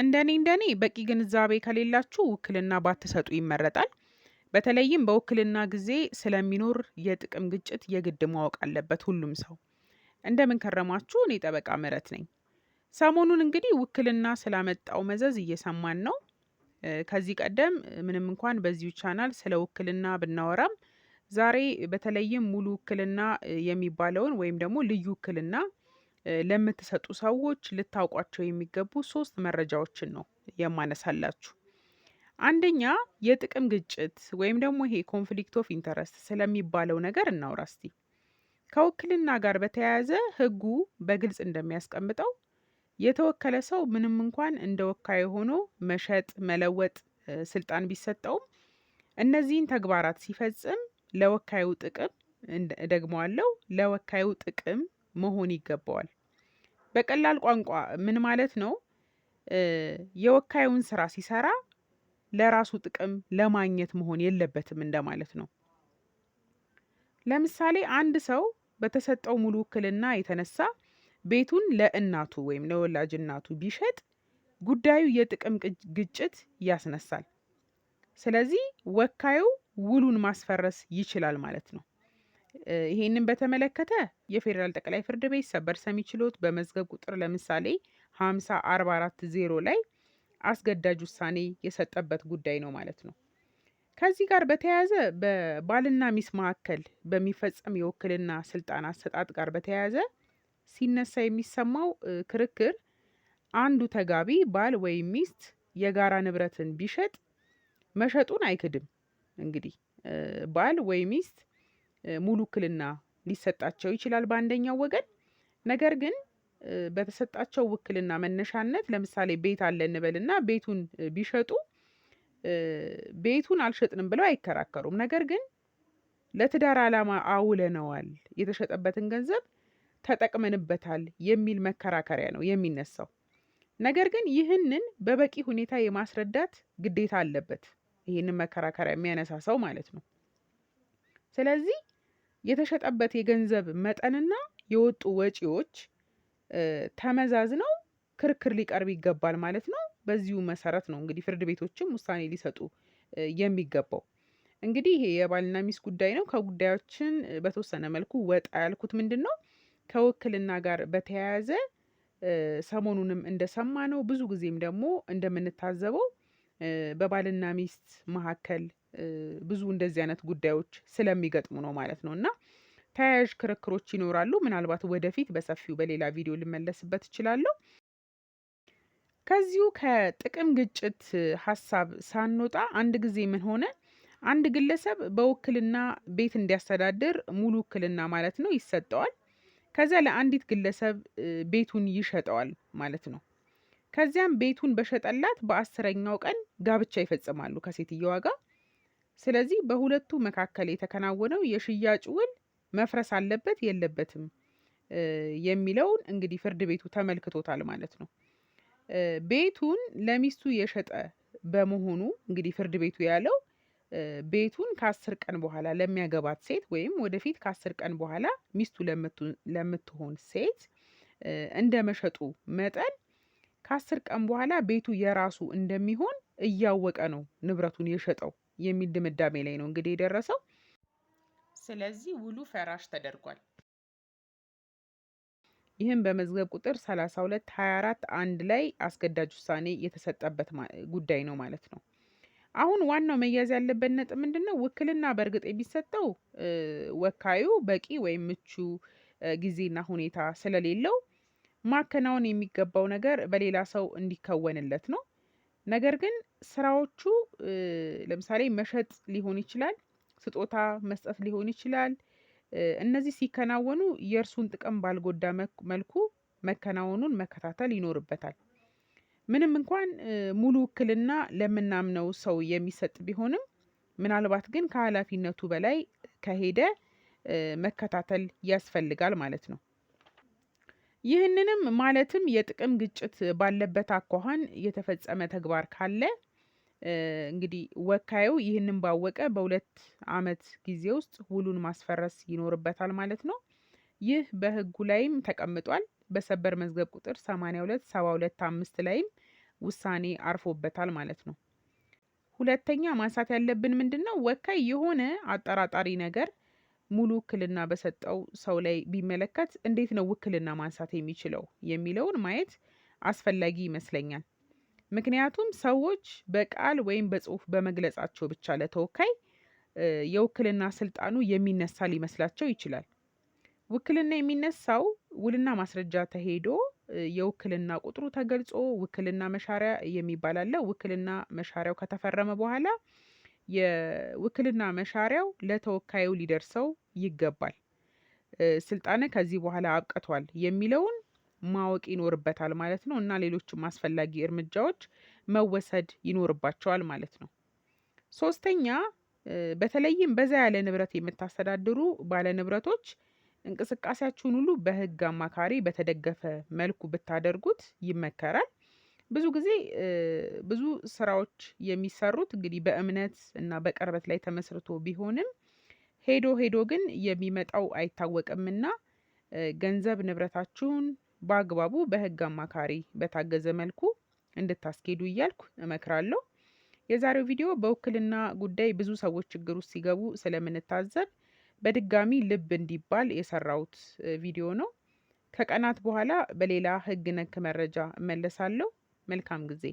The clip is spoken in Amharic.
እንደኔ እንደኔ በቂ ግንዛቤ ከሌላችሁ ውክልና ባትሰጡ ይመረጣል። በተለይም በውክልና ጊዜ ስለሚኖር የጥቅም ግጭት የግድ ማወቅ አለበት ሁሉም ሰው። እንደምን ከረማችሁ? እኔ ጠበቃ ምረት ነኝ። ሰሞኑን እንግዲህ ውክልና ስላመጣው መዘዝ እየሰማን ነው። ከዚህ ቀደም ምንም እንኳን በዚሁ ቻናል ስለ ውክልና ብናወራም ዛሬ በተለይም ሙሉ ውክልና የሚባለውን ወይም ደግሞ ልዩ ውክልና ለምትሰጡ ሰዎች ልታውቋቸው የሚገቡ ሶስት መረጃዎችን ነው የማነሳላችሁ። አንደኛ የጥቅም ግጭት ወይም ደግሞ ይሄ ኮንፍሊክት ኦፍ ኢንተረስት ስለሚባለው ነገር እናውራ እስቲ። ከውክልና ጋር በተያያዘ ህጉ በግልጽ እንደሚያስቀምጠው የተወከለ ሰው ምንም እንኳን እንደ ወካይ ሆኖ መሸጥ፣ መለወጥ ስልጣን ቢሰጠውም እነዚህን ተግባራት ሲፈጽም ለወካዩ ጥቅም አለው ለወካዩ ጥቅም መሆን ይገባዋል። በቀላል ቋንቋ ምን ማለት ነው? የወካዩን ስራ ሲሰራ ለራሱ ጥቅም ለማግኘት መሆን የለበትም እንደማለት ነው። ለምሳሌ አንድ ሰው በተሰጠው ሙሉ ውክልና የተነሳ ቤቱን ለእናቱ ወይም ለወላጅ እናቱ ቢሸጥ ጉዳዩ የጥቅም ግጭት ያስነሳል። ስለዚህ ወካዩ ውሉን ማስፈረስ ይችላል ማለት ነው። ይሄንን በተመለከተ የፌዴራል ጠቅላይ ፍርድ ቤት ሰበር ሰሚ ችሎት በመዝገብ ቁጥር ለምሳሌ 50 ላይ አስገዳጅ ውሳኔ የሰጠበት ጉዳይ ነው ማለት ነው። ከዚህ ጋር በተያያዘ በባልና ሚስት መካከል በሚፈጸም የውክልና ስልጣን አሰጣጥ ጋር በተያያዘ ሲነሳ የሚሰማው ክርክር አንዱ ተጋቢ ባል ወይም ሚስት የጋራ ንብረትን ቢሸጥ መሸጡን አይክድም። እንግዲህ ባል ወይ ሚስት ሙሉ ውክልና ሊሰጣቸው ይችላል በአንደኛው ወገን። ነገር ግን በተሰጣቸው ውክልና መነሻነት ለምሳሌ ቤት አለ እንበልና ቤቱን ቢሸጡ ቤቱን አልሸጥንም ብለው አይከራከሩም። ነገር ግን ለትዳር ዓላማ አውለነዋል፣ የተሸጠበትን ገንዘብ ተጠቅመንበታል የሚል መከራከሪያ ነው የሚነሳው። ነገር ግን ይህንን በበቂ ሁኔታ የማስረዳት ግዴታ አለበት፣ ይህንን መከራከሪያ የሚያነሳ ሰው ማለት ነው። ስለዚህ የተሸጠበት የገንዘብ መጠንና የወጡ ወጪዎች ተመዛዝነው ክርክር ሊቀርብ ይገባል ማለት ነው። በዚሁ መሰረት ነው እንግዲህ ፍርድ ቤቶችም ውሳኔ ሊሰጡ የሚገባው። እንግዲህ ይሄ የባልና ሚስት ጉዳይ ነው። ከጉዳዮችን በተወሰነ መልኩ ወጣ ያልኩት ምንድን ነው ከውክልና ጋር በተያያዘ ሰሞኑንም እንደሰማ ነው ብዙ ጊዜም ደግሞ እንደምንታዘበው በባልና ሚስት መካከል ብዙ እንደዚህ አይነት ጉዳዮች ስለሚገጥሙ ነው ማለት ነው እና ተያያዥ ክርክሮች ይኖራሉ። ምናልባት ወደፊት በሰፊው በሌላ ቪዲዮ ልመለስበት እችላለሁ። ከዚሁ ከጥቅም ግጭት ሀሳብ ሳንወጣ አንድ ጊዜ ምን ሆነ፣ አንድ ግለሰብ በውክልና ቤት እንዲያስተዳድር ሙሉ ውክልና ማለት ነው ይሰጠዋል። ከዚያ ለአንዲት ግለሰብ ቤቱን ይሸጠዋል ማለት ነው። ከዚያም ቤቱን በሸጠላት በአስረኛው ቀን ጋብቻ ይፈጽማሉ ከሴትየዋ ጋር ስለዚህ በሁለቱ መካከል የተከናወነው የሽያጭ ውል መፍረስ አለበት የለበትም የሚለውን እንግዲህ ፍርድ ቤቱ ተመልክቶታል ማለት ነው። ቤቱን ለሚስቱ የሸጠ በመሆኑ እንግዲህ ፍርድ ቤቱ ያለው ቤቱን ከአስር ቀን በኋላ ለሚያገባት ሴት ወይም ወደፊት ከአስር ቀን በኋላ ሚስቱ ለምትሆን ሴት እንደ መሸጡ መጠን ከአስር ቀን በኋላ ቤቱ የራሱ እንደሚሆን እያወቀ ነው ንብረቱን የሸጠው የሚል ድምዳሜ ላይ ነው እንግዲህ የደረሰው። ስለዚህ ውሉ ፈራሽ ተደርጓል። ይህም በመዝገብ ቁጥር 32 24 አንድ ላይ አስገዳጅ ውሳኔ የተሰጠበት ጉዳይ ነው ማለት ነው። አሁን ዋናው መያዝ ያለበት ነጥብ ምንድን ነው? ውክልና በእርግጥ የሚሰጠው ወካዩ በቂ ወይም ምቹ ጊዜና ሁኔታ ስለሌለው ማከናወን የሚገባው ነገር በሌላ ሰው እንዲከወንለት ነው። ነገር ግን ስራዎቹ ለምሳሌ መሸጥ ሊሆን ይችላል፣ ስጦታ መስጠት ሊሆን ይችላል። እነዚህ ሲከናወኑ የእርሱን ጥቅም ባልጎዳ መልኩ መከናወኑን መከታተል ይኖርበታል። ምንም እንኳን ሙሉ ውክልና ለምናምነው ሰው የሚሰጥ ቢሆንም ምናልባት ግን ከኃላፊነቱ በላይ ከሄደ መከታተል ያስፈልጋል ማለት ነው። ይህንንም ማለትም የጥቅም ግጭት ባለበት አኳኋን የተፈጸመ ተግባር ካለ እንግዲህ ወካዩ ይህንን ባወቀ በሁለት አመት ጊዜ ውስጥ ውሉን ማስፈረስ ይኖርበታል ማለት ነው። ይህ በህጉ ላይም ተቀምጧል። በሰበር መዝገብ ቁጥር 82 72 አምስት ላይም ውሳኔ አርፎበታል ማለት ነው። ሁለተኛ ማንሳት ያለብን ምንድን ነው? ወካይ የሆነ አጠራጣሪ ነገር ሙሉ ውክልና በሰጠው ሰው ላይ ቢመለከት እንዴት ነው ውክልና ማንሳት የሚችለው የሚለውን ማየት አስፈላጊ ይመስለኛል። ምክንያቱም ሰዎች በቃል ወይም በጽሁፍ በመግለጻቸው ብቻ ለተወካይ የውክልና ስልጣኑ የሚነሳ ሊመስላቸው ይችላል። ውክልና የሚነሳው ውልና ማስረጃ ተሄዶ የውክልና ቁጥሩ ተገልጾ ውክልና መሻሪያ የሚባል አለ። ውክልና መሻሪያው ከተፈረመ በኋላ የውክልና መሻሪያው ለተወካዩ ሊደርሰው ይገባል። ስልጣን ከዚህ በኋላ አብቅቷል የሚለውን ማወቅ ይኖርበታል ማለት ነው እና ሌሎችም አስፈላጊ እርምጃዎች መወሰድ ይኖርባቸዋል ማለት ነው። ሶስተኛ በተለይም በዛ ያለ ንብረት የምታስተዳድሩ ባለ ንብረቶች እንቅስቃሴያችሁን ሁሉ በህግ አማካሪ በተደገፈ መልኩ ብታደርጉት ይመከራል። ብዙ ጊዜ ብዙ ስራዎች የሚሰሩት እንግዲህ በእምነት እና በቅርበት ላይ ተመስርቶ ቢሆንም ሄዶ ሄዶ ግን የሚመጣው አይታወቅምና ገንዘብ ንብረታችሁን በአግባቡ በህግ አማካሪ በታገዘ መልኩ እንድታስኬዱ እያልኩ እመክራለሁ። የዛሬው ቪዲዮ በውክልና ጉዳይ ብዙ ሰዎች ችግር ውስጥ ሲገቡ ስለምንታዘብ በድጋሚ ልብ እንዲባል የሰራሁት ቪዲዮ ነው። ከቀናት በኋላ በሌላ ህግ ነክ መረጃ እመለሳለሁ። መልካም ጊዜ